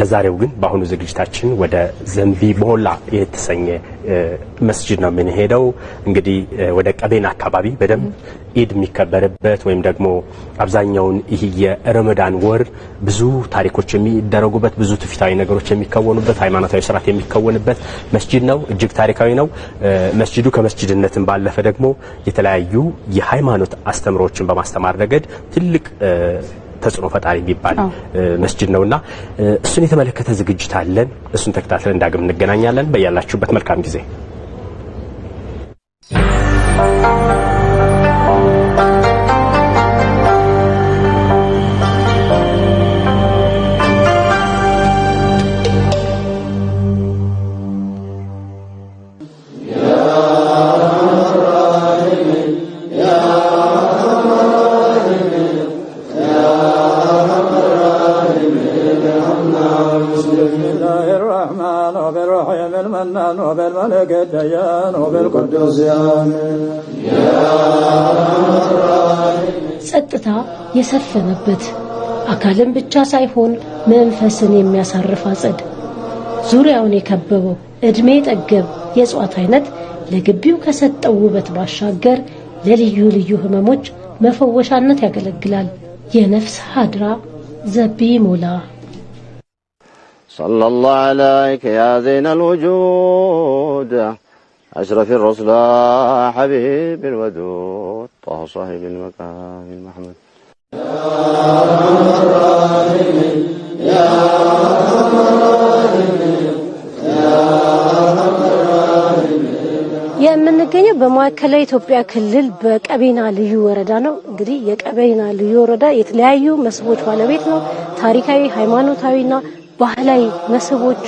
ለዛሬው ግን በአሁኑ ዝግጅታችን ወደ ዘንቢ ቦላ የተሰኘ መስጅድ ነው የምንሄደው። እንግዲህ ወደ ቀቤን አካባቢ በደንብ ኢድ የሚከበርበት ወይም ደግሞ አብዛኛውን ይህ የረመዳን ወር ብዙ ታሪኮች የሚደረጉበት ብዙ ትውፊታዊ ነገሮች የሚከወኑበት ሃይማኖታዊ ስርዓት የሚከወንበት መስጅድ ነው። እጅግ ታሪካዊ ነው መስጅዱ ከመስጅድነትን ባለፈ ደግሞ የተለያዩ የሃይማኖት አስተምሮዎችን በማስተማር ረገድ ትልቅ ተጽዕኖ ፈጣሪ የሚባል መስጅድ ነውና እሱን የተመለከተ ዝግጅት አለን። እሱን ተከታትለን እንዳግም እንገናኛለን። በያላችሁበት መልካም ጊዜ ያና ኖበል መለከት ደያ ኖበል ቅዱስ ጸጥታ የሰፈነበት አካልን ብቻ ሳይሆን መንፈስን የሚያሳርፍ አጸድ ዙሪያውን የከበበው ዕድሜ ጠገብ የእጽዋት አይነት ለግቢው ከሰጠው ውበት ባሻገር ለልዩ ልዩ ህመሞች መፈወሻነት ያገለግላል። የነፍስ ሀድራ ዘቢ ሞላ صلى الله عليك يا زين الوجود أشرف الرسل حبيب الودود طه صاحب المكان محمد يا የምንገኘው በማዕከላዊ ኢትዮጵያ ክልል በቀቤና ልዩ ወረዳ ነው። እንግዲህ የቀቤና ልዩ ወረዳ የተለያዩ መስህቦች ባለቤት ነው። ታሪካዊ፣ ሃይማኖታዊና ባህላዊ መስህቦች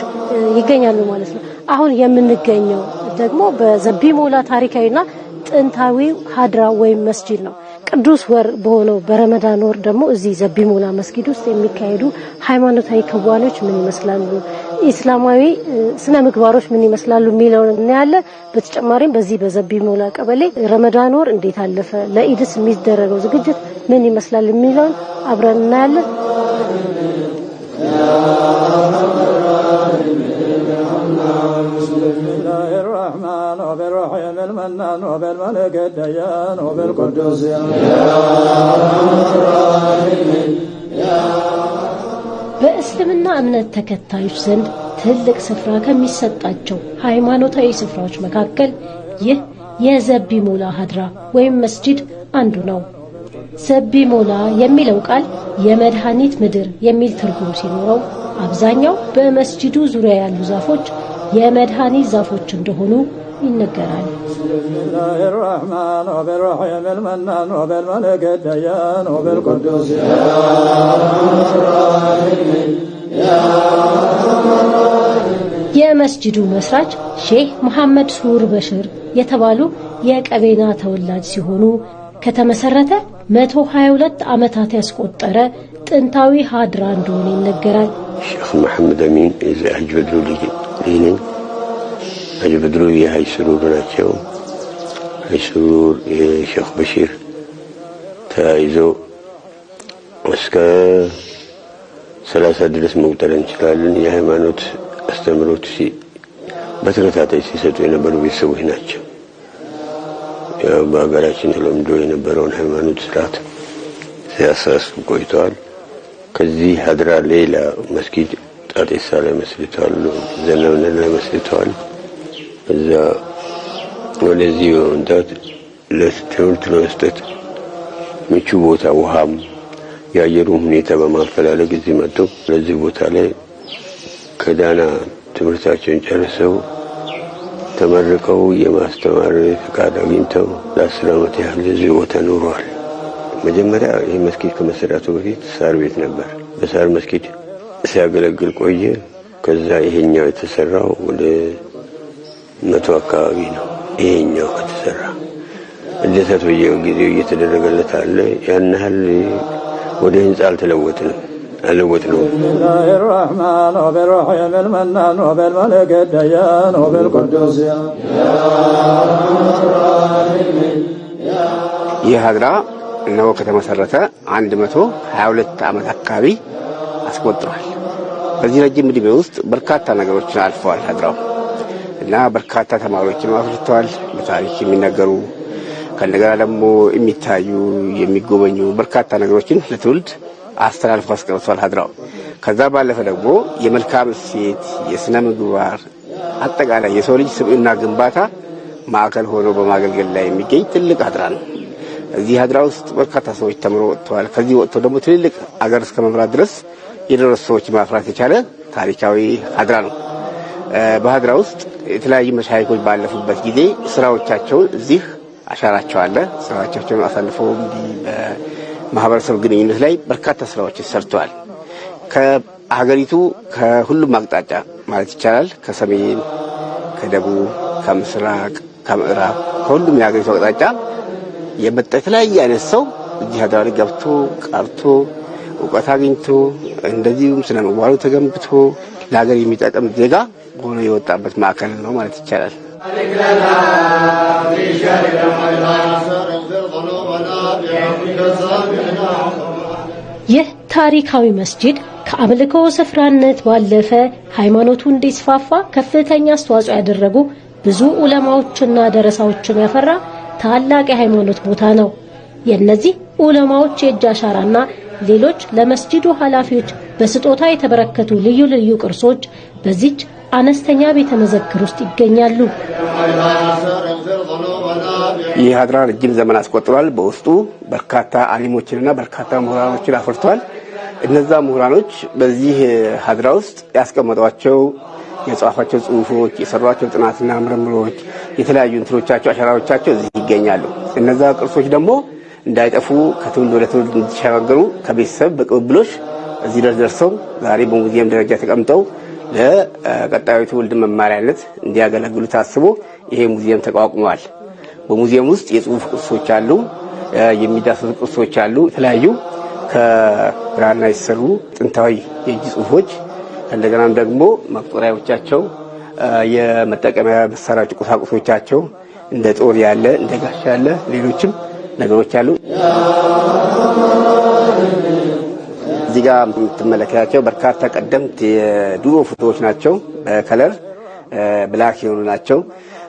ይገኛሉ ማለት ነው። አሁን የምንገኘው ደግሞ በዘቢሞላ ታሪካዊና ጥንታዊ ሀድራ ወይም መስጂድ ነው። ቅዱስ ወር በሆነው በረመዳን ወር ደግሞ እዚህ ዘቢሞላ መስጊድ ውስጥ የሚካሄዱ ሃይማኖታዊ ክዋኔዎች ምን ይመስላሉ፣ ኢስላማዊ ስነ ምግባሮች ምን ይመስላሉ የሚለውን እናያለን። በተጨማሪም በዚህ በዘቢሞላ ቀበሌ ረመዳን ወር እንዴት አለፈ፣ ለኢድስ የሚደረገው ዝግጅት ምን ይመስላል የሚለውን አብረን እናያለን። በእስልምና እምነት ተከታዮች ዘንድ ትልቅ ስፍራ ከሚሰጣቸው ሃይማኖታዊ ስፍራዎች መካከል ይህ የዘቢ ሙላ ሀድራ ወይም መስጂድ አንዱ ነው። ሞላ የሚለው ቃል የመድኃኒት ምድር የሚል ትርጉም ሲኖረው አብዛኛው በመስጂዱ ዙሪያ ያሉ ዛፎች የመድኃኒት ዛፎች እንደሆኑ ይነገራል። የመስጂዱ መስራች ሼህ መሐመድ ሱር በሽር የተባሉ የቀቤና ተወላጅ ሲሆኑ ከተመሰረተ 122 ዓመታት ያስቆጠረ ጥንታዊ ሀድራ እንደሆነ ይነገራል። ሼክ መሐመድ አሚን የዚ አጅበድሩ ልጅ ነኝ። የሀይ ስሩር ናቸው። ስሩር የሼክ በሺር ተያይዞ እስከ ሰላሳ ድረስ መቁጠር እንችላለን። የሃይማኖት አስተምሮት በተከታታይ ሲሰጡ የነበሩ ቤተሰቦች ናቸው። በሀገራችን ተለምዶ የነበረውን ሃይማኖት ስርዓት ሲያሳስብ ቆይተዋል። ከዚህ ሀድራ ሌላ መስጊድ ጣጤሳ ላይ መስልተዋል፣ ዘነብነ ላይ መስልተዋል። እዛ ወደዚህ በመምጣት ለትምህርት ለመስጠት ምቹ ቦታ ውሃም የአየሩን ሁኔታ በማፈላለግ እዚህ መጥተው ለዚህ ቦታ ላይ ከዳና ትምህርታቸውን ጨርሰው ተመርቀው የማስተማር ፍቃድ አግኝተው ለአስር ዓመት ያህል እዚህ ቦታ ኖረዋል። መጀመሪያ ይህ መስጊድ ከመሰራቱ በፊት ሳር ቤት ነበር። በሳር መስጊድ ሲያገለግል ቆየ። ከዛ ይሄኛው የተሰራው ወደ መቶ አካባቢ ነው። ይሄኛው ከተሰራ እደሰት በየጊዜው እየተደረገለት አለ። ያን ያህል ወደ ህንፃ አልተለወጥንም። ልውጥ ነው። ራህማን ወበልሩሕ የልመናን ወበልመልክ ደያን ወበልቅዱስ ይህ ሀድራ እነሆ ከተመሰረተ 122 ዓመት አካባቢ አስቆጥሯል። በዚህ ረጅም ዕድሜ ውስጥ በርካታ ነገሮችን አልፈዋል ሀድራው እና በርካታ ተማሪዎችን አፍርተዋል። በታሪክ የሚነገሩ ከእንደገና ደግሞ የሚታዩ የሚጎበኙ በርካታ ነገሮችን ለትውልድ አስተላልፎ አስቀምጧል ሀድራው። ከዛ ባለፈ ደግሞ የመልካም እሴት፣ የስነ ምግባር አጠቃላይ የሰው ልጅ ስብዕና ግንባታ ማዕከል ሆኖ በማገልገል ላይ የሚገኝ ትልቅ ሀድራ ነው። እዚህ ሀድራ ውስጥ በርካታ ሰዎች ተምሮ ወጥተዋል። ከዚህ ወጥተው ደግሞ ትልልቅ አገር እስከ መምራት ድረስ የደረሱ ሰዎች ማፍራት የቻለ ታሪካዊ ሀድራ ነው። በሀድራ ውስጥ የተለያዩ መሻይኮች ባለፉበት ጊዜ ስራዎቻቸውን እዚህ አሻራቸው አለ። ስራዎቻቸውን አሳልፈው እንዲህ ማህበረሰብ ግንኙነት ላይ በርካታ ስራዎች ሰርተዋል። ከሀገሪቱ ከሁሉም አቅጣጫ ማለት ይቻላል ከሰሜን፣ ከደቡብ፣ ከምስራቅ፣ ከምዕራብ ከሁሉም የሀገሪቱ አቅጣጫ የመጣ የተለያየ አይነት ሰው እዚህ ሀገር ገብቶ ቀርቶ እውቀት አግኝቶ እንደዚሁም ስነ ምግባሩ ተገንብቶ ለሀገር የሚጠቅም ዜጋ ሆኖ የወጣበት ማዕከል ነው ማለት ይቻላል። ይህ ታሪካዊ መስጂድ ከአምልኮ ስፍራነት ባለፈ ሃይማኖቱ እንዲስፋፋ ከፍተኛ አስተዋጽኦ ያደረጉ ብዙ ዑለማዎችና ደረሳዎችን ያፈራ ታላቅ የሃይማኖት ቦታ ነው። የእነዚህ ዑለማዎች የእጅ አሻራና ሌሎች ለመስጂዱ ኃላፊዎች በስጦታ የተበረከቱ ልዩ ልዩ ቅርሶች በዚች አነስተኛ ቤተ መዘክር ውስጥ ይገኛሉ። ይህ ሀድራ ረጅም ዘመን አስቆጥሯል። በውስጡ በርካታ አሊሞችንና በርካታ ምሁራኖችን አፍርቷል። እነዛ ምሁራኖች በዚህ ሀድራ ውስጥ ያስቀመጧቸው የጻፏቸው ጽሁፎች፣ የሰሯቸው ጥናትና ምርምሮች፣ የተለያዩ እንትኖቻቸው አሻራዎቻቸው እዚህ ይገኛሉ። እነዛ ቅርሶች ደግሞ እንዳይጠፉ ከትውልድ ወደ ትውልድ እንዲሸጋገሩ ከቤተሰብ በቅብብሎች እዚህ ድረስ ደርሰው ዛሬ በሙዚየም ደረጃ ተቀምጠው ለቀጣዩ ትውልድ መማሪያነት እንዲያገለግሉ ታስቦ ይሄ ሙዚየም ተቋቁመዋል። በሙዚየም ውስጥ የጽሁፍ ቅርሶች አሉ፣ የሚዳሰሱ ቅርሶች አሉ። የተለያዩ ከብራና የተሰሩ ጥንታዊ የእጅ ጽሁፎች እንደገናም ደግሞ መቁጠሪያዎቻቸው፣ የመጠቀሚያ መሳሪያዎች፣ ቁሳቁሶቻቸው እንደ ጦር ያለ እንደ ጋሻ ያለ ሌሎችም ነገሮች አሉ። እዚህ ጋር የምትመለከታቸው በርካታ ቀደምት የድሮ ፎቶዎች ናቸው። በከለር ብላክ የሆኑ ናቸው።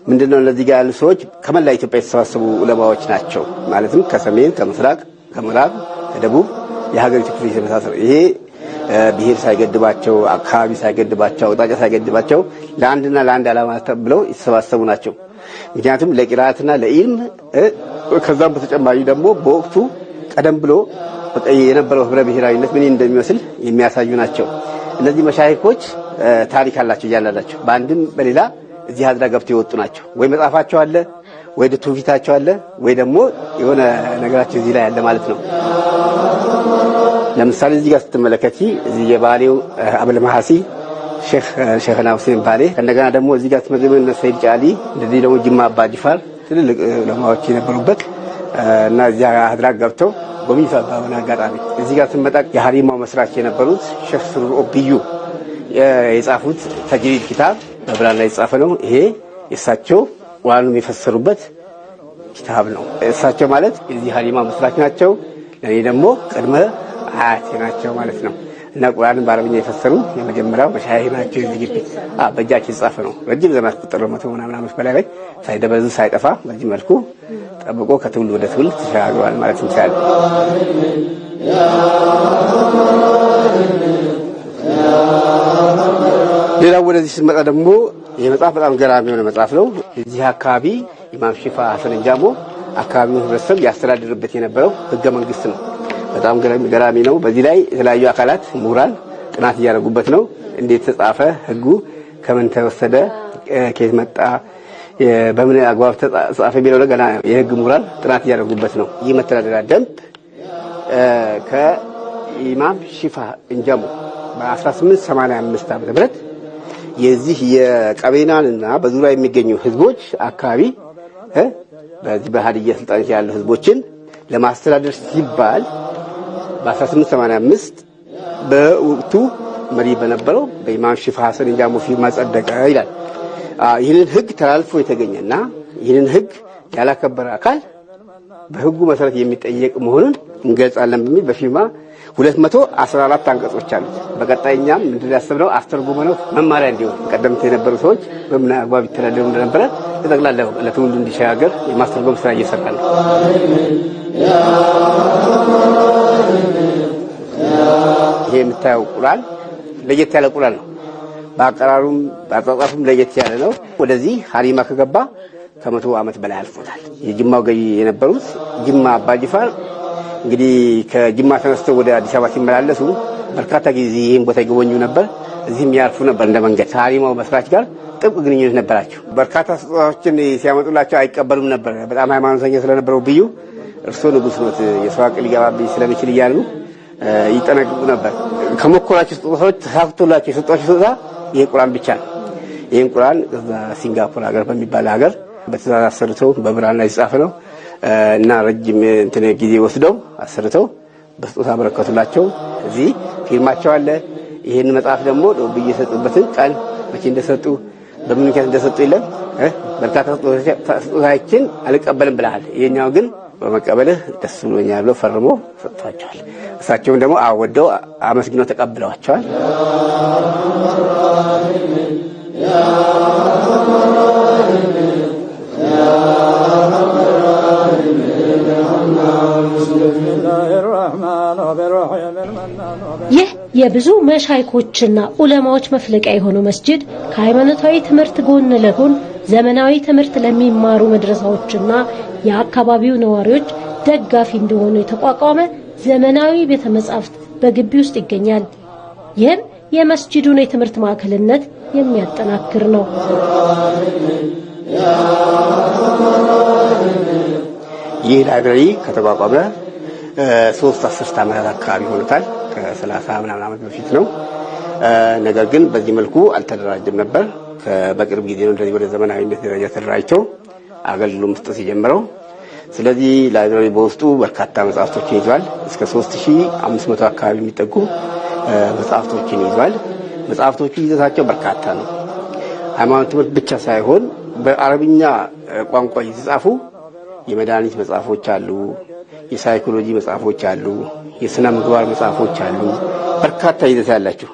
ምንድነው እነዚህ ጋር ያሉ ሰዎች ከመላ ኢትዮጵያ የተሰባሰቡ ዑለማዎች ናቸው። ማለትም ከሰሜን፣ ከምስራቅ፣ ከምዕራብ፣ ከደቡብ የሀገሪቱ ክፍል የተመሳሰሉ ይሄ ብሔር ሳይገድባቸው አካባቢ ሳይገድባቸው አቅጣጫ ሳይገድባቸው ለአንድና ለአንድ ዓላማ ብለው የተሰባሰቡ ናቸው። ምክንያቱም ለቂራትና ለኢልም ከዛም በተጨማሪ ደግሞ በወቅቱ ቀደም ብሎ የነበረው ህብረ ብሔራዊነት ምን እንደሚመስል የሚያሳዩ ናቸው። እነዚህ መሻይኮች ታሪክ አላቸው እያላላቸው በአንድም በሌላ እዚህ አድራ ገብተው የወጡ ናቸው። ወይ መጽሐፋቸው አለ፣ ወይ ትውፊታቸው አለ፣ ወይ ደግሞ የሆነ ነገራቸው እዚህ ላይ አለ ማለት ነው። ለምሳሌ እዚህ ጋር ስትመለከቲ እዚህ የባሌው አብል መሐሲ ሼክና ሁሴን ባሌ ከእንደገና ደግሞ እዚህ ጋር ስትመዘመን ሰይድ ጫሊ እንደዚህ ደግሞ ጅማ አባ ጅፋር ትልልቅ ዑለማዎች የነበሩበት እና እዚያ አድራ ገብተው ጎብኝቷል። በሆነ አጋጣሚ እዚህ ጋር ስንመጣ የሀሪማው መስራች የነበሩት ሼክ ስሩር ኦብዩ የጻፉት ተጅሪድ ኪታብ በብራና የተጻፈ ነው። ይሄ የእሳቸው ቁርአኑን የፈሰሩበት ኪታብ ነው። እሳቸው ማለት የዚህ ሀሊማ መስራች ናቸው። ለእኔ ደግሞ ቅድመ አያቴ ናቸው ማለት ነው እና ቁርአንን በአረብኛ የፈሰሩ የመጀመሪያው መሻይህ ናቸው። የዚህ ግድግድ በእጃቸው የተጻፈ ነው። ረጅም ዘመን አስቆጠረ መቶ ምናምን ዓመት በላይ ላይ ሳይደበዝ ሳይጠፋ በዚህ መልኩ ጠብቆ ከትውልድ ወደ ትውልድ ተሸጋግሯል ማለት እንችላለን። ያ ሌላው ወደዚህ ስንመጣ ደግሞ ይህ መጽሐፍ በጣም ገራሚ የሆነ መጽሐፍ ነው። እዚህ አካባቢ ኢማም ሺፋ ሀሰን እንጃሞ አካባቢውን ህብረተሰብ ያስተዳድርበት የነበረው ህገ መንግስት ነው። በጣም ገራሚ ነው። በዚህ ላይ የተለያዩ አካላት ምሁራን ጥናት እያደረጉበት ነው። እንዴት ተጻፈ፣ ህጉ ከምን ተወሰደ፣ ከየት መጣ፣ በምን አግባብ ተጻፈ የሚለው ገና የህግ ምሁራን ጥናት እያደረጉበት ነው። ይህ መተዳደሪያ ደንብ ከኢማም ሺፋ እንጃሞ በ1885 ም የዚህ የቀቤናን እና በዙሪያ የሚገኙ ህዝቦች አካባቢ በዚህ በሀዲያ ስልጣን ያሉ ህዝቦችን ለማስተዳደር ሲባል በ1885 በወቅቱ መሪ በነበረው በኢማም ሺፍ ሀሰን ጃሞ ፊርማ ጸደቀ ይላል። ይህንን ህግ ተላልፎ እና ይህንን ህግ ያላከበረ አካል በህጉ መሰረት የሚጠየቅ መሆኑን እንገልጻለን በሚል በፊርማ 214 አንቀጾች አሉት። በቀጣይኛ ምንድን ያሰብነው አስተርጉመ ነው መማሪያ እንዲሆን ቀደምት የነበሩ ሰዎች በምን አግባብ ይተዳደሩ እንደነበረ ተጠቅላላ ለትውልዱ እንዲሸጋገር የማስተርጎም ስራ እየሰራ ነው። ይሄ የምታየው ቁላል ለየት ያለ ቁላል ነው። በአቀራሩም በአጻጻፉም ለየት ያለ ነው። ወደዚህ ሀሪማ ከገባ ከመቶ ዓመት በላይ አልፎታል። የጅማው ገዢ የነበሩት ጅማ አባጅፋር እንግዲህ ከጅማ ተነስተው ወደ አዲስ አበባ ሲመላለሱ በርካታ ጊዜ ይህን ቦታ ይጎበኙ ነበር። እዚህም ያርፉ ነበር። እንደ መንገድ ከሀሊማው መስራች ጋር ጥብቅ ግንኙነት ነበራቸው። በርካታ ስጦታዎችን ሲያመጡላቸው አይቀበሉም ነበር። በጣም ሃይማኖተኛ ስለነበረው ብዩ እርሶ ንጉሥ ነት የሰው አቅል ሊገባብኝ ስለሚችል እያሉ ይጠነቅቁ ነበር። ከሞከሯቸው ስጦታዎች ተሳክቶላቸው የሰጧቸው ስጦታ ይህ ቁርአን ብቻ ነው። ይህን ቁርአን ሲንጋፖር ሀገር በሚባል ሀገር በትእዛዝ አሰርተው በብራና የተጻፈ ነው። እና ረጅም እንትን ጊዜ ወስደው አሰርተው በስጦታ አበረከቱላቸው። እዚህ ፊርማቸው አለ። ይህን መጽሐፍ ደግሞ ዶብዬ የሰጡበትን ቀን መቼ እንደሰጡ በምን ምክንያት እንደሰጡ የለም። በርካታ ስጦታችን አልቀበልም ብለሃል፣ ይሄኛው ግን በመቀበልህ ደስ ብሎኛል ብሎ ፈርሞ ሰጥቷቸዋል። እሳቸውም ደግሞ አወደው አመስግነው ተቀብለዋቸዋል። ይህ የብዙ መሻይኮችና ዑለማዎች መፍለቂያ የሆነው መስጅድ ከሃይማኖታዊ ትምህርት ጎን ለጎን ዘመናዊ ትምህርት ለሚማሩ መድረሳዎችና የአካባቢው ነዋሪዎች ደጋፊ እንደሆኑ የተቋቋመ ዘመናዊ ቤተ መጻሕፍት በግቢ ውስጥ ይገኛል። ይህም የመስጅዱን የትምህርት ማዕከልነት የሚያጠናክር ነው። ይህ ላይብረሪ ከተቋቋመ ሶስት አስርት ዓመታት አካባቢ ሆኖታል። ከሰላሳ ምናምን ዓመት በፊት ነው። ነገር ግን በዚህ መልኩ አልተደራጀም ነበር። በቅርብ ጊዜ ነው እንደዚህ ወደ ዘመናዊነት ደረጃ ተደራጅተው አገልግሎት መስጠት የጀመረው። ስለዚህ ላይብራሪ በውስጡ በርካታ መጽሐፍቶችን ይዟል። እስከ 3500 አካባቢ የሚጠጉ መጽሐፍቶችን ይዟል። መጽሐፍቶቹ ይዘታቸው በርካታ ነው። ሃይማኖት ትምህርት ብቻ ሳይሆን በአረብኛ ቋንቋ የተጻፉ የመድኃኒት መጽሐፎች አሉ፣ የሳይኮሎጂ መጽሐፎች አሉ፣ የስነ ምግባር መጽሐፎች አሉ። በርካታ ይዘት ያላቸው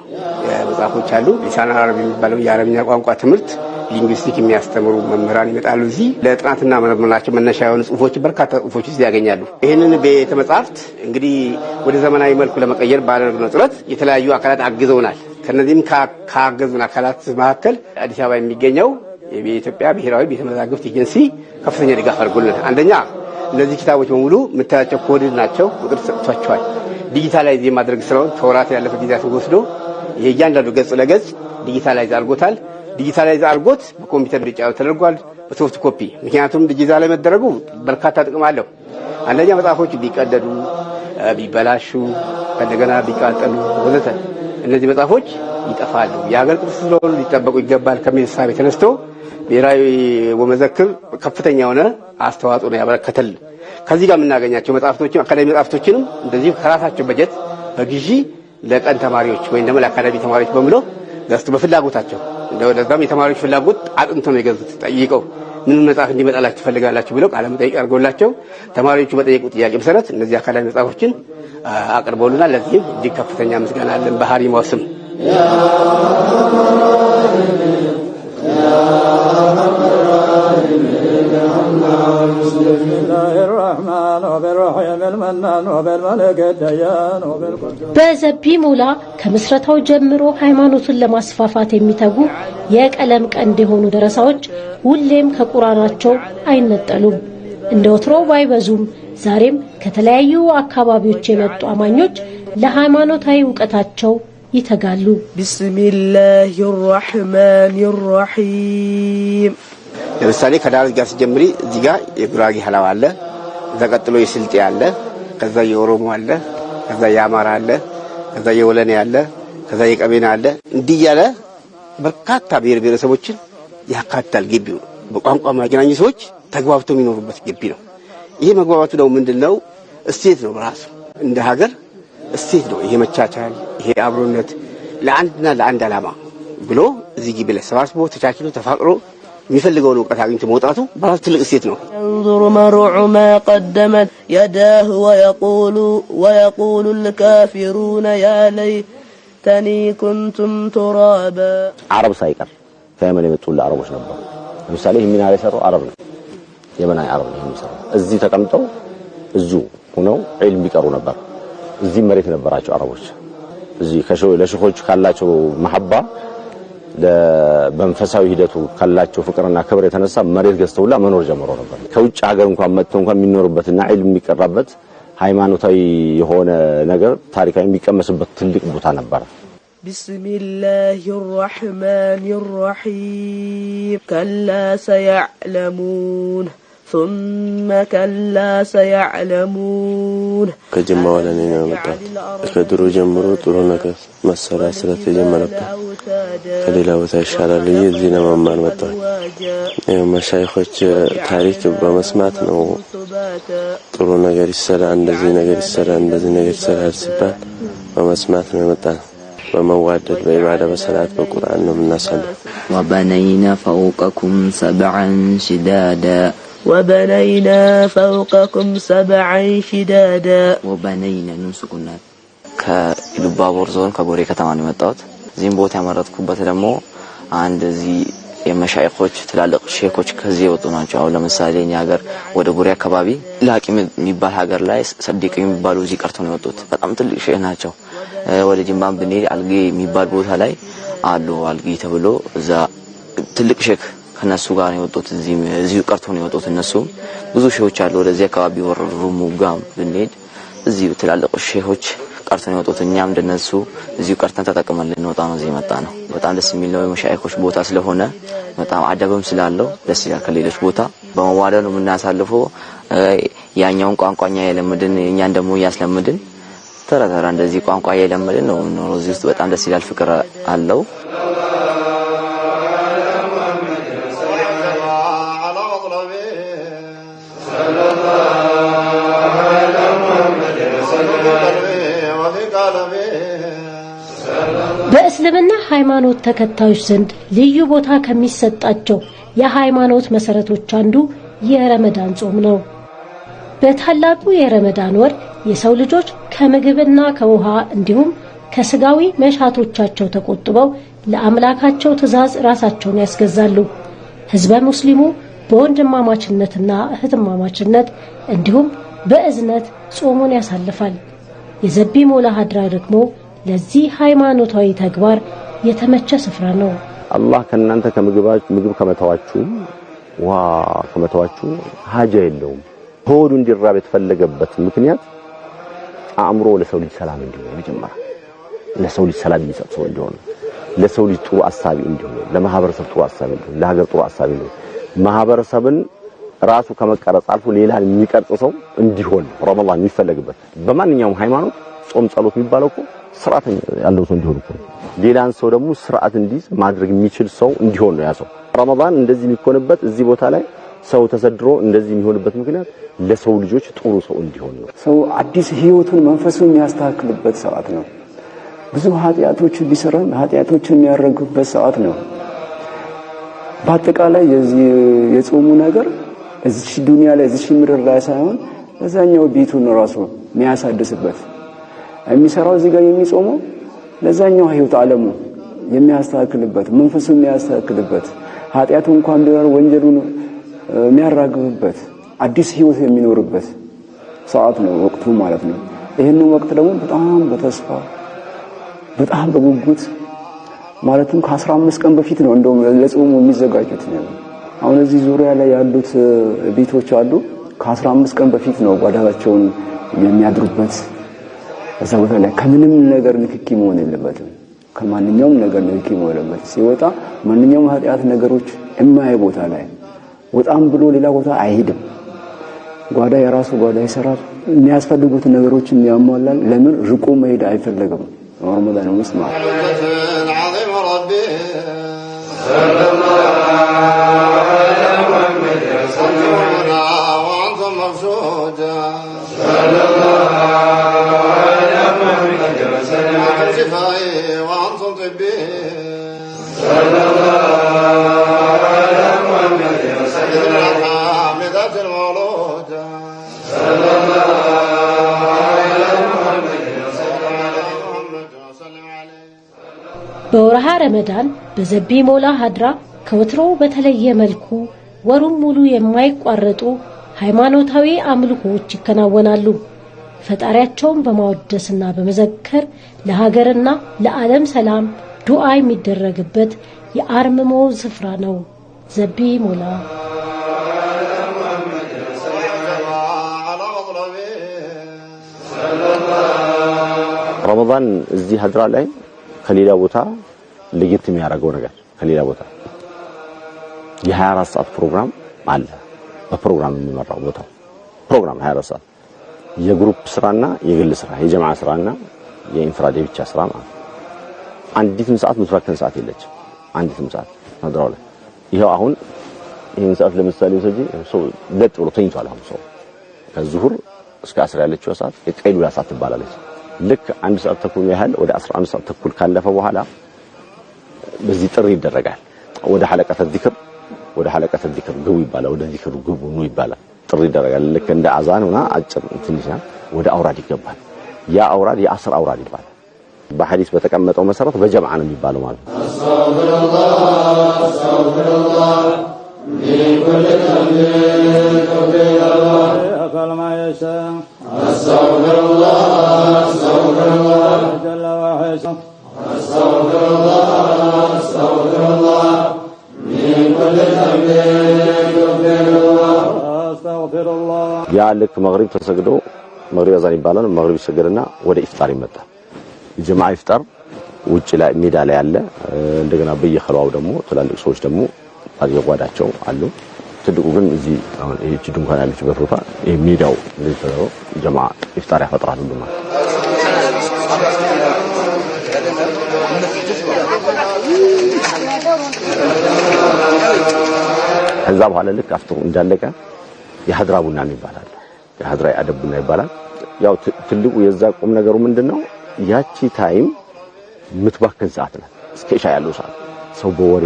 መጽሐፎች አሉ። ሊሳን አረብ የሚባለው የአረብኛ ቋንቋ ትምህርት ሊንግዊስቲክ የሚያስተምሩ መምህራን ይመጣሉ። እዚህ ለጥናትና ምርምራቸው መነሻ የሆኑ ጽሁፎች በርካታ ጽሁፎች እዚህ ያገኛሉ። ይህንን ቤተ መጽሐፍት እንግዲህ ወደ ዘመናዊ መልኩ ለመቀየር ባደረግነው ጥረት የተለያዩ አካላት አግዘውናል። ከነዚህም ካገዙን አካላት መካከል አዲስ አበባ የሚገኘው የኢትዮጵያ ብሔራዊ ቤተ መዛግብት ኤጀንሲ ከፍተኛ ድጋፍ አድርጎልን፣ አንደኛ እነዚህ ኪታቦች በሙሉ የምታያቸው ኮድድ ናቸው፣ ቁጥር ሰጥቷቸዋል። ዲጂታላይዝ የማድረግ ስራውን ከወራት ያለፈ ጊዜያት ወስዶ የእያንዳንዱ ገጽ ለገጽ ዲጂታላይዝ አድርጎታል። ዲጂታላይዝ አድርጎት በኮምፒውተር ብጫ ተደርጓል፣ በሶፍት ኮፒ። ምክንያቱም ዲጂታል መደረጉ በርካታ ጥቅም አለው። አንደኛ መጽሐፎች ቢቀደዱ፣ ቢበላሹ፣ ከእንደገና ቢቃጠሉ ወዘተ እነዚህ መጽሐፎች ይጠፋሉ። የሀገር ቅርስ ስለሆኑ ሊጠበቁ ይገባል ከሚል እሳቤ ተነስቶ ብሔራዊ ወመዘክር ከፍተኛ የሆነ አስተዋጽኦ ነው ያበረከተል። ከዚህ ጋር የምናገኛቸው መጽሐፍቶችም አካዳሚ መጽሐፍቶችንም እንደዚህ ከራሳቸው በጀት በግዢ ለቀን ተማሪዎች ወይም ደግሞ ለአካዳሚ ተማሪዎች በምሎ ገዝቶ በፍላጎታቸው እንደዛም የተማሪዎች ፍላጎት አጥንቶ ነው የገዙት ጠይቀው ምንም መጽሐፍ እንዲመጣላችሁ ትፈልጋላችሁ ብለው ቃለ መጠይቅ አድርገውላቸው ተማሪዎቹ በጠየቁ ጥያቄ መሰረት እነዚህ አካላዊ መጽሐፎችን አቅርበውልናል። ለዚህም እጅግ ከፍተኛ ምስጋና አለን በሀሪማው ማውስም በዘቢ ሙላ ከምስረታው ጀምሮ ሃይማኖቱን ለማስፋፋት የሚተጉ የቀለም ቀንድ የሆኑ ደረሳዎች ሁሌም ከቁራናቸው አይነጠሉም። እንደ ወትሮ ባይበዙም ዛሬም ከተለያዩ አካባቢዎች የመጡ አማኞች ለሃይማኖታዊ እውቀታቸው ይተጋሉ። ቢስሚላህ ራሕማን ራሒም። ለምሳሌ ከዳሎት ጋር ሲጀምሪ እዚህ ጋር የጉራጌ ሀላባ አለ፣ እዛ ቀጥሎ የስልጤ አለ፣ ከዛ የኦሮሞ አለ፣ ከዛ የአማራ አለ፣ ከዛ የወለኔ አለ፣ ከዛ የቀቤና አለ እንዲህ እያለ በርካታ ብሔር ብሔረሰቦችን ያካትታል። ግቢው በቋንቋ ማገናኘ ሰዎች ተግባብተው የሚኖሩበት ግቢ ነው። ይሄ መግባባቱ ደግሞ ምንድን ነው? እሴት ነው። ራሱ እንደ ሀገር እሴት ነው። ይሄ መቻቻል፣ ይሄ አብሮነት ለአንድና ለአንድ ዓላማ ብሎ እዚህ ግቢ ላይ ሰባስቦ ተቻችሎ ተፋቅሮ የሚፈልገውን እውቀት አግኝቶ መውጣቱ በራሱ ትልቅ እሴት ነው። ንሩ መሩዑ ማ ቀደመት የዳህ ወየቁሉ ወየቁሉ ልካፊሩነ ያለይ ተኒ ኩንቱም ቱራበ አረብ ሳይቀር ከየመን የመጡ አረቦች ነበሩ። ለምሳሌ ሚና የሰሩ አረብ ነው፣ የመናዊ አረብ ነው የሚሰራው። እዚህ ተቀምጠው እዚሁ ሆነው ዒልም ቢቀሩ ነበር። እዚህ መሬት ነበራቸው አረቦች። እዚህ ለሼኾቹ ካላቸው መሐባ በመንፈሳዊ ሂደቱ ካላቸው ፍቅርና ክብር የተነሳ መሬት ገዝተውላ መኖር ጀምሮ ነበር። ከውጭ ሀገር እንኳን መጥተው እንኳን የሚኖሩበትና ዒልም የሚቀራበት ሃይማኖታዊ የሆነ ነገር ታሪካዊ የሚቀመስበት ትልቅ ቦታ ነበረ። ቢስሚላህ ራሕማን ራሒም ከላ ሰያዕለሙን ثم كلا سيعلمون كجمع ولن ينمتات كدرو جمرو طولنا ما السلا سلا تجمرك خليلا وتشارا لي الدين ممان وطاك يا شايخوش تاريخ بمسمات نو طولنا غير السلا عند زينا غير السلا عند زينا غير السلا السبات بمسمات نمتات بمواد بعبادة بصلاة بقرآن من نصر وبنينا فوقكم سبعا شدادا وبنينا فوقكم ሰብዐን شدادا وبنينا ኑን ሱኩን ናት። ከኢሉባቦር ዞን ከቦሬ ከተማ ነው የመጣሁት። እዚህም ቦታ ያመረጥኩበት ደግሞ አንድ እዚህ የመሻይኮች ትላልቅ ሼኮች ከዚህ የወጡ ናቸው። አሁን ለምሳሌ እኛ ሀገር ወደ ቡሬ አካባቢ ላቂም የሚባል ሀገር ላይ ሰዲቅ የሚባሉ እዚህ ቀርቶ ነው የወጡት። በጣም ትልቅ ሼህ ናቸው። ወደ ጅማም ብንሄድ አልጌ የሚባል ቦታ ላይ አሉ። አልጌ ተብሎ እዛ ትልቅ ሼክ ከነሱ ጋር የወጡት። እዚህ እዚሁ ቀርቶ ነው የወጡት። እነሱ ብዙ ሼሆች አሉ። ወደዚህ አካባቢ ወሩሙ ጋም ብንሄድ እዚሁ ትላልቁ ሼሆች ቀርቶ ነው የወጡት። እኛም እንደነሱ እዚሁ ቀርተን ተጠቅመን ልንወጣ ነው እዚህ መጣ ነው። በጣም ደስ የሚል ነው። የመሻይኮች ቦታ ስለሆነ በጣም አደብም ስላለው ደስ ይላል። ከሌሎች ቦታ በመዋደሉ ነው የምናሳልፈው። ያኛውን ቋንቋኛ የለምድን እኛን ደግሞ እያስለምድን ተራ ተራ እንደዚህ ቋንቋ የለምድን ነው እዚህ ውስጥ በጣም ደስ ይላል። ፍቅር አለው። በእስልምና ሃይማኖት ተከታዮች ዘንድ ልዩ ቦታ ከሚሰጣቸው የሃይማኖት መሰረቶች አንዱ የረመዳን ጾም ነው። በታላቁ የረመዳን ወር የሰው ልጆች ከምግብና ከውሃ እንዲሁም ከስጋዊ መሻቶቻቸው ተቆጥበው ለአምላካቸው ትእዛዝ ራሳቸውን ያስገዛሉ። ህዝበ ሙስሊሙ በወንድማማችነትና እህትማማችነት እንዲሁም በእዝነት ጾሙን ያሳልፋል። የዘቢ ሞላ ሀድራ ደግሞ ለዚህ ሃይማኖታዊ ተግባር የተመቸ ስፍራ ነው። አላህ ከእናንተ ምግብ ከመተዋችሁ ውሃ ከመተዋችሁ ሀጃ የለውም። ሆዱ እንዲራብ የተፈለገበት ምክንያት አእምሮ ለሰው ልጅ ሰላም እንዲሆን መጀመሪያ ለሰው ልጅ ሰላም የሚሰጥ ሰው እንዲሆን፣ ለሰው ልጅ ጥሩ አሳቢ እንዲሆን፣ ለማህበረሰብ ጥሩ አሳቢ እንዲሆን፣ ለሀገር ጥሩ አሳቢ እንዲሆን፣ ማህበረሰብን ራሱ ከመቀረጽ አልፎ ሌላን የሚቀርጽ ሰው እንዲሆን ረመዳን የሚፈለግበት በማንኛውም ሃይማኖት ጾም ጸሎት የሚባለው እኮ ስርዓት ያለው ሰው እንዲሆን እኮ ሌላን ሰው ደግሞ ስርዓት እንዲይዝ ማድረግ የሚችል ሰው እንዲሆን ነው ያሰው። ረመዳን እንደዚህ የሚሆንበት እዚህ ቦታ ላይ ሰው ተሰድሮ እንደዚህ የሚሆንበት ምክንያት ለሰው ልጆች ጥሩ ሰው እንዲሆን ነው። ሰው አዲስ ህይወቱን መንፈሱን የሚያስተካክልበት ሰዓት ነው። ብዙ ኃጢአቶችን ቢሰራም ኃጢአቶችን የሚያረግበት ሰዓት ነው። በአጠቃላይ የዚህ የጾሙ ነገር እዚች ዱንያ ላይ እዚች ምድር ላይ ሳይሆን እዛኛው ቤቱን ራሱ የሚያሳድስበት የሚሰራው እዚህ ጋር የሚጾመው ለዛኛው ህይወት ዓለሙ የሚያስተካክልበት መንፈሱ የሚያስተካክልበት ኃጢአቱ እንኳን ቢኖር ወንጀሉን የሚያራግብበት አዲስ ህይወት የሚኖርበት ሰዓት ነው ወቅቱ ማለት ነው። ይህንን ወቅት ደግሞ በጣም በተስፋ በጣም በጉጉት ማለትም ከአስራ አምስት ቀን በፊት ነው እንደውም ለጾሙ የሚዘጋጁት ነው። አሁን እዚህ ዙሪያ ላይ ያሉት ቤቶች አሉ ከአስራ አምስት ቀን በፊት ነው ጓዳቸውን የሚያድሩበት እዛ ቦታ ላይ ከምንም ነገር ንክኪ መሆን የለበትም። ከማንኛውም ነገር ንክኪ መሆን የለበት። ሲወጣ ማንኛውም ኃጢአት ነገሮች የማያይ ቦታ ላይ ወጣም ብሎ ሌላ ቦታ አይሄድም። ጓዳ የራሱ ጓዳ ይሰራል። የሚያስፈልጉት ነገሮችን ያሟላል። ለምን ርቆ መሄድ አይፈለግም? ረመዳን ውስጥ ማለት ነው። በወርሃ ረመዳን በዘቢ ሞላ ሀድራ ከወትሮ በተለየ መልኩ ወሩን ሙሉ የማይቋረጡ ሃይማኖታዊ አምልኮዎች ይከናወናሉ። ፈጣሪያቸውን በማወደስና በመዘከር ለሀገርና ለዓለም ሰላም ዱዓ የሚደረግበት የአርምሞ ስፍራ ነው። ዘቢ ሞላ ረመዳን እዚህ ሀድራ ላይ ከሌላ ቦታ ለየት የሚያደርገው ነገር ከሌላ ቦታ የ24 ሰዓት ፕሮግራም አለ። በፕሮግራም የሚመራው ቦታ ፕሮግራም 24 ሰዓት የግሩፕ ስራና የግል ስራ የጀማዓ ስራና የኢንፍራዴ ብቻ ስራ ማለት ነው። አንዲትም ሰዓት ምትባከን ሰዓት የለችም። አንዲትም ሰዓት ናድራው ላይ ይኸው አሁን ይህን ሰዓት ለምሳሌ ሰጂ ሰው ለጥ ብሎ ተኝቷል። አሁን ሰው ከዙሁር እስከ አስር ያለችው ሰዓት የቀይሉላ ሰዓት ትባላለች። ልክ አንድ ሰዓት ተኩል ያህል ወደ 11 ሰዓት ተኩል ካለፈ በኋላ በዚህ ጥሪ ይደረጋል። ወደ ሐለቀተ ዚክር ወደ ሐለቀተ ዚክር ግቡ ይባላል። ወደ ዚክሩ ግቡ ኑ ይባላል። ጥሪ ይደረጋል። ልክ እንደ አዛን ሆና አጭር ትንሽ ወደ አውራድ ይገባል። ያ አውራድ የአስር አውራድ ይባላል። በሐዲስ በተቀመጠው መሰረት በጀምዓ ነው የሚባለው ማለት ነው። ያ ልክ መግሪብ ተሰግዶ መግሪብ አዛን ይባላል። መግሪብ ይሰገድና ወደ ኢፍጣር ይመጣል። የጀማዓ ኢፍጣር ውጭ ላይ ሜዳ ላይ አለ። እንደገና በየኸሏው ደግሞ ትላልቅ ሰዎች ደግሞ አየጓዳቸው አሉ። ትልቁ ግን እዚህ አሁን እቺ ድንኳን ያለችበት ቦታ ሜዳው ለተለው ጀማዓ ኢፍጣር ያፈጥራሉ ማለት ከዛ በኋላ ልክ አፍጥሩ እንዳለቀ የሀድራ ቡና ይባላል። የሀድራ የአደብ ቡና ይባላል። ያው ትልቁ የዛ ቁም ነገሩ ምንድነው? ያቺ ታይም የምትባክን ሰዓት ናት። እስከ ያለው ሰዓት ሰው በወሬ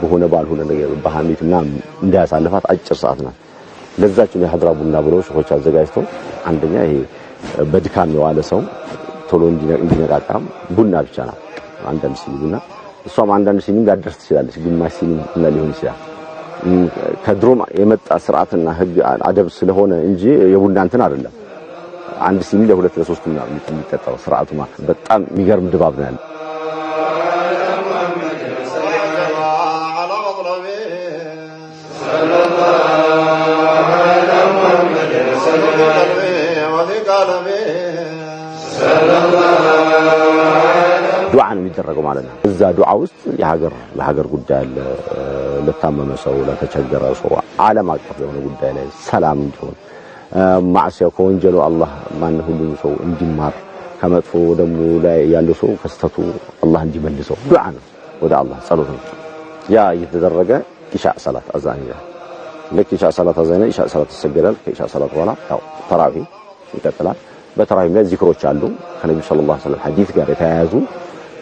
በሆነ ባልሆነ ነገር በሐሜት ምናምን እንዳያሳልፋት አጭር ሰዓት ናት። ለዛችን የሀድራ ቡና ብለው ሰዎች አዘጋጅተው አንደኛ ይሄ በድካም የዋለ ሰው ቶሎ እንዲነቃቃም ቡና ብቻ ናት። አንዳንድ ሲኒ ቡና እሷም አንዳንድ ሲኒ ላደርስ ትችላለች፣ ግማሽ ሲኒ ቡና ሊሆን ይችላል። ከድሮም የመጣ ስርዓትና ህግ አደብ ስለሆነ እንጂ የቡና እንትን አይደለም። አንድ ሲኒ ለሁለት ለሶስት የሚጠጣው ስርዓቱ በጣም የሚገርም ድባብ ነው ያለው። የሚደረገው ማለት ነው። እዛ ዱዓ ውስጥ የሀገር ለሀገር ጉዳይ አለ፣ ለታመመ ሰው፣ ለተቸገረ ሰው፣ ዓለም አቀፍ የሆነ ጉዳይ ላይ ሰላም እንዲሆን ማዕሲያ ከወንጀሉ አላህ ማን ሁሉም ሰው እንዲማር ከመጥፎ ደሞ ላይ ያለው ሰው ከስተቱ አላህ እንዲመልሰው ዱዓ ነው። ወደ አላህ ጸሎት ነው። ያ እየተደረገ ኢሻ ሰላት አዛን ይላል። ልክ ኢሻ ሰላት አዛን ኢሻ ሰላት ይሰገዳል። ከኢሻ ሰላት በኋላ ያው ተራዊህ ይቀጥላል። በተራዊህ ላይ ዚክሮች አሉ ከነቢ ሰለላሁ ዐለይሂ ወሰለም ሐዲስ ጋር የተያያዙ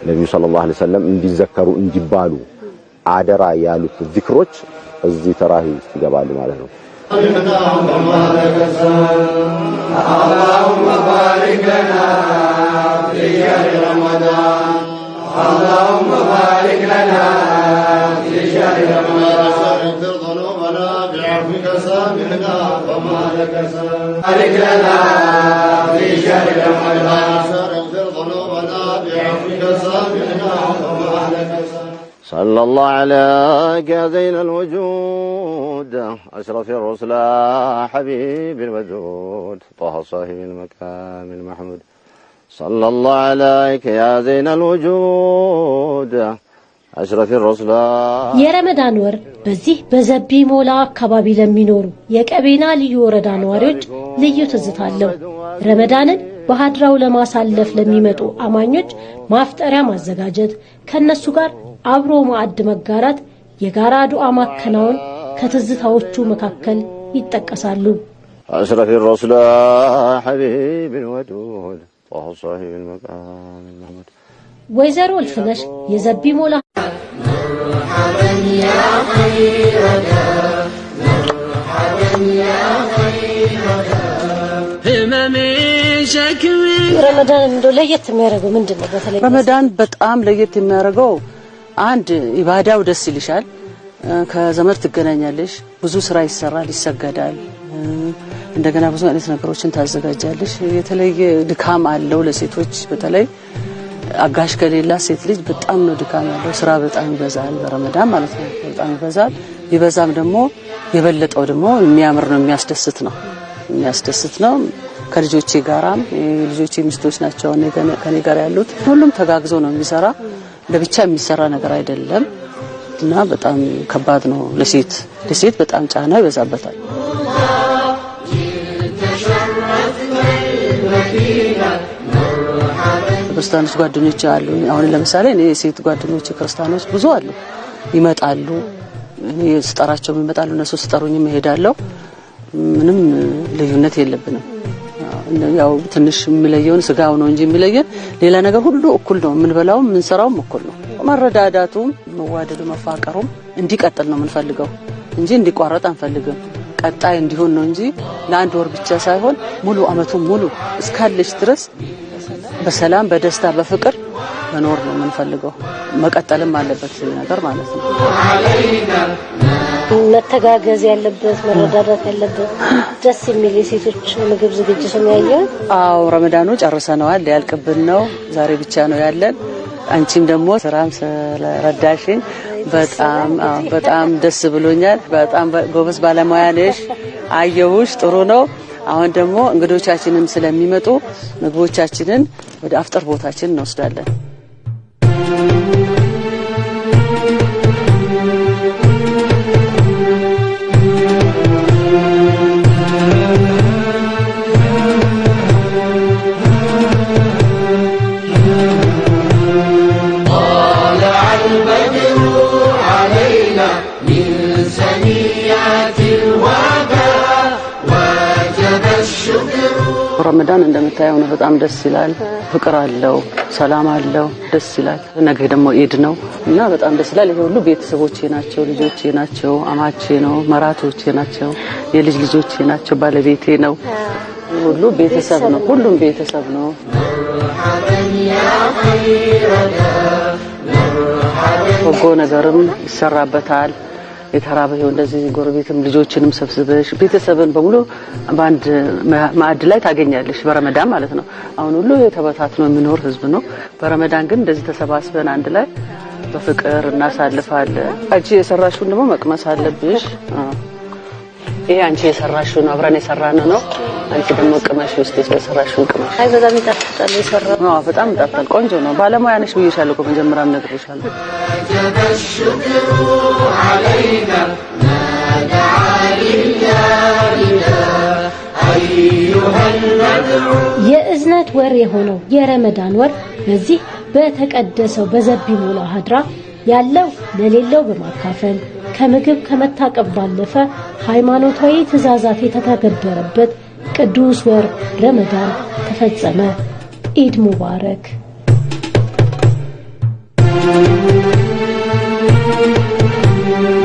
ነቢዩ ስለ ላሁ ሰለም እንዲዘከሩ እንዲባሉ አደራ ያሉት ዚክሮች እዚህ ተራሂ في ማለት ነው اللهم بارك لنا في شهر رمضان اللهم بارك لنا في شهر رمضان ارض لنا في شهر رمضان صلى الله عليك يا زين الوجود أشرف الرسل حبيب الودود طه صاحب المكان المحمود صلى الله عليك يا زين الوجود አሽራፊ ሮስላ የረመዳን ወር በዚህ በዘቢ ሞላ አካባቢ ለሚኖሩ የቀቤና ልዩ ወረዳ ነዋሪዎች ልዩ ትዝታ አለው። ረመዳንን በሀድራው ለማሳለፍ ለሚመጡ አማኞች ማፍጠሪያ ማዘጋጀት፣ ከእነሱ ጋር አብሮ ማዕድ መጋራት፣ የጋራ ዱዓ ማከናወን ከትዝታዎቹ መካከል ይጠቀሳሉ። አስረፊ ረሱላ ሐቢብን ወዱድ ሳሒብል መቃም ወይዘሮ እልፍነሽ የዘቢ ሞላ ረመዳን እንደው ለየት የሚያደርገው ምንድን ነው? በተለይ ረመዳን በጣም ለየት የሚያደርገው አንድ ኢባዳው ደስ ይልሻል፣ ከዘመድ ትገናኛለሽ፣ ብዙ ስራ ይሰራል፣ ይሰገዳል። እንደገና ብዙ አይነት ነገሮችን ታዘጋጃለሽ። የተለየ ድካም አለው ለሴቶች በተለይ አጋሽ ከሌላ ሴት ልጅ በጣም ነው ድካም ያለው። ስራ በጣም ይበዛል፣ በረመዳን ማለት ነው። በጣም ይበዛል። ቢበዛም ደግሞ የበለጠው ደግሞ የሚያምር ነው፣ የሚያስደስት ነው፣ የሚያስደስት ነው። ከልጆቼ ጋራም ልጆቼ ሚስቶች ናቸው ከኔ ጋር ያሉት። ሁሉም ተጋግዞ ነው የሚሰራ። ለብቻ የሚሰራ ነገር አይደለም እና በጣም ከባድ ነው። ለሴት ለሴት በጣም ጫና ይበዛበታል። ክርስቲያኖች ጓደኞች አሉ። አሁን ለምሳሌ እኔ የሴት ጓደኞች ክርስቲያኖች ብዙ አሉ፣ ይመጣሉ። እኔ ስጠራቸውም ይመጣሉ፣ እነሱ ስጠሩኝም እሄዳለሁ። ምንም ልዩነት የለብንም። ያው ትንሽ የሚለየውን ስጋው ነው እንጂ የሚለየን ሌላ ነገር ሁሉ እኩል ነው። የምንበላውም የምንሰራውም እኩል ነው። መረዳዳቱም መዋደዱ መፋቀሩም እንዲቀጥል ነው የምንፈልገው እንጂ እንዲቋረጥ አንፈልግም። ቀጣይ እንዲሆን ነው እንጂ ለአንድ ወር ብቻ ሳይሆን ሙሉ አመቱን ሙሉ እስካለች ድረስ በሰላም በደስታ በፍቅር መኖር ነው የምንፈልገው። መቀጠልም አለበት ነገር ማለት ነው። መተጋገዝ ያለበት መረዳዳት ያለበት ደስ የሚል የሴቶች ምግብ ዝግጅት ነው ያየው። አዎ ረመዳኑ ጨርሰነዋል፣ ሊያልቅብን ነው። ዛሬ ብቻ ነው ያለን። አንቺም ደግሞ ስራም ስለረዳሽኝ በጣም በጣም ደስ ብሎኛል። በጣም ጎበዝ ባለሙያ ነሽ፣ አየውሽ ጥሩ ነው። አሁን ደግሞ እንግዶቻችንም ስለሚመጡ ምግቦቻችንን ወደ አፍጠር ቦታችን እንወስዳለን። ረመዳን እንደምታየው ነው። በጣም ደስ ይላል። ፍቅር አለው፣ ሰላም አለው። ደስ ይላል። ነገ ደግሞ ኢድ ነው እና በጣም ደስ ይላል። ይሄ ሁሉ ቤተሰቦቼ ናቸው፣ ልጆቼ ናቸው፣ አማቼ ነው፣ መራቶቼ ናቸው፣ የልጅ ልጆቼ ናቸው፣ ባለቤቴ ነው። ሁሉ ቤተሰብ ነው። ሁሉም ቤተሰብ ነው። በጎ ነገርም ይሰራበታል። የተራበ ይኸው እንደዚህ ጎረቤትም ልጆችንም ሰብስበሽ ቤተሰብን በሙሉ በአንድ ማዕድ ላይ ታገኛለሽ። በረመዳን ማለት ነው። አሁን ሁሉ የተበታትኖ የሚኖር ህዝብ ነው። በረመዳን ግን እንደዚህ ተሰባስበን አንድ ላይ በፍቅር እናሳልፋለን። አንቺ የሰራሽውን ደግሞ መቅመስ አለብሽ። ይሄ አንቺ የሰራሽው ነው፣ አብረን የሰራነው ነው። አንቺ ደግሞ ቅመሽ ውስጥ የሰራሽውን ቅመሽ። አይ በጣም ይጣፍጣል፣ የሰራው ነው። በጣም ይጣፍጣል። ቆንጆ ነው። ባለሙያ ነሽ ብዬሻለሁ እኮ መጀመሪያም ነግሬሻለሁ። የእዝነት ወር የሆነው የረመዳን ወር በዚህ በተቀደሰው በዘቢ ሞላው ሀድራ ያለው ለሌለው በማካፈል ከምግብ ከመታቀብ ባለፈ ሃይማኖታዊ ትእዛዛት የተተገበረበት ቅዱስ ወር ረመዳን ተፈጸመ። ኢድ ሙባረክ። Thank you.